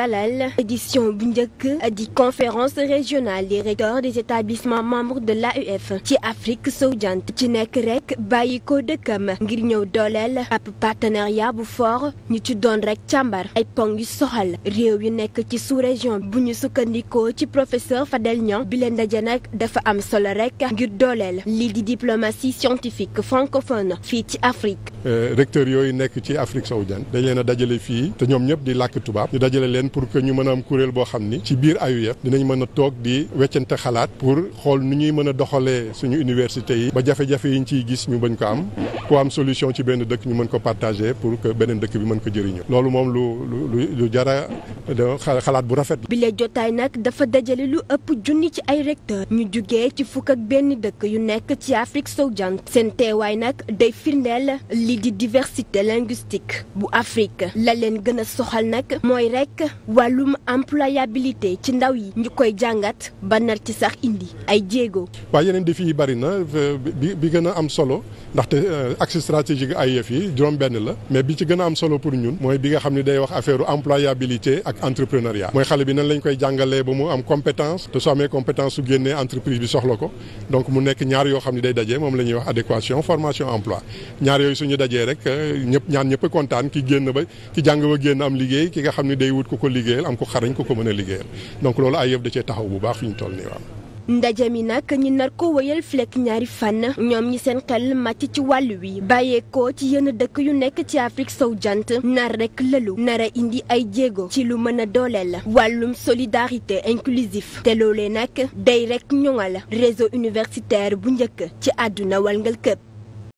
dalal édition bu njëkk di conférence régionale des recteurs des établissements membres de l'AUF ci Afrique sowu jant ci nekk rek bàyyi ko ma ngir ñëw dooleel ab partenariat bu fort ñu ci doon rek càmbar ay pong yu soxal réew yu nekk ci sous-région bu ñu sukkandikoo ci professeur Fadel Niang bi leen daje nag dafa am solo rek ngir dooleel lii di diplomatie scientifique francophone fii ci Afrique Euh, recteurs yooyu nekk ci Afrique sowu jant dañ leen a dajale fii te ñoom ñëpp di làkk tubaab ñu dajale leen pour que ñu mën a am kuréel boo xam ni ci biir AUF dinañ mën a toog di weccante xalaat pour xool nu ñuy mën a doxalee suñu université yi ba jafe-jafe yi ñu ciy gis ñu bañ ko am ku am solution ci benn dëkk ñu mën ko partager pour que beneen dëkk bi mën ko jëriñoo loolu moom lu lu jara xalaat bu rafet bi la jotaay nag dafa dajale lu ëpp junni ci ay recteur ñu jugee ci fukk benn dëkk yu nekk ci Afrique sowu jant seen teewaay nag day firndeel lii di diversité linguistique bu Afrique la leen gën a soxal nag mooy rek wàllum employabilité ci ndaw yi ñu koy jàngat ba ci sax indi ay jéego. waaw yeneen défi yi bari na euh, bi bi gën a am solo ndaxte euh, axe stratégique AIF yi juróom-benn la mais bi ci gën a am solo pour ñun mooy bi nga xam ne day wax affaire employabilité ak entrepreneuriat mooy xale bi nan lañ koy jàngalee ba mu am compétence te soo amee compétence su génnee entreprise bi soxla ko donc mu nekk ñaar yoo xam ne day daje moom la ñuy wax adéquation formation emploi dajee rek eh, ñëpp ñaan ñëpp kontaan ki génn ba ki jàng ba génn am liggéey ki nga xam ne day wut ku ko liggéeyal am ko xarañ ko ko mën a liggéeyal donc loolu ay yëpp da cee taxaw bu baax fi ñu toll nii waaw. ndaje mi nag ñi nar ko wëyal flekk ñaari fànn ñoom ñi seen xel màcc ci wàll wi bàyyeekoo ci yenn dëkk yu nekk ci Afrique sow jant nar rek lëlu nar a indi ay jéego ci lu mën a dooleel wàllum solidarité inclusif te loolee nag day rek ñoŋal réseau universitaire bu njëkk ci àdduna walngal këpp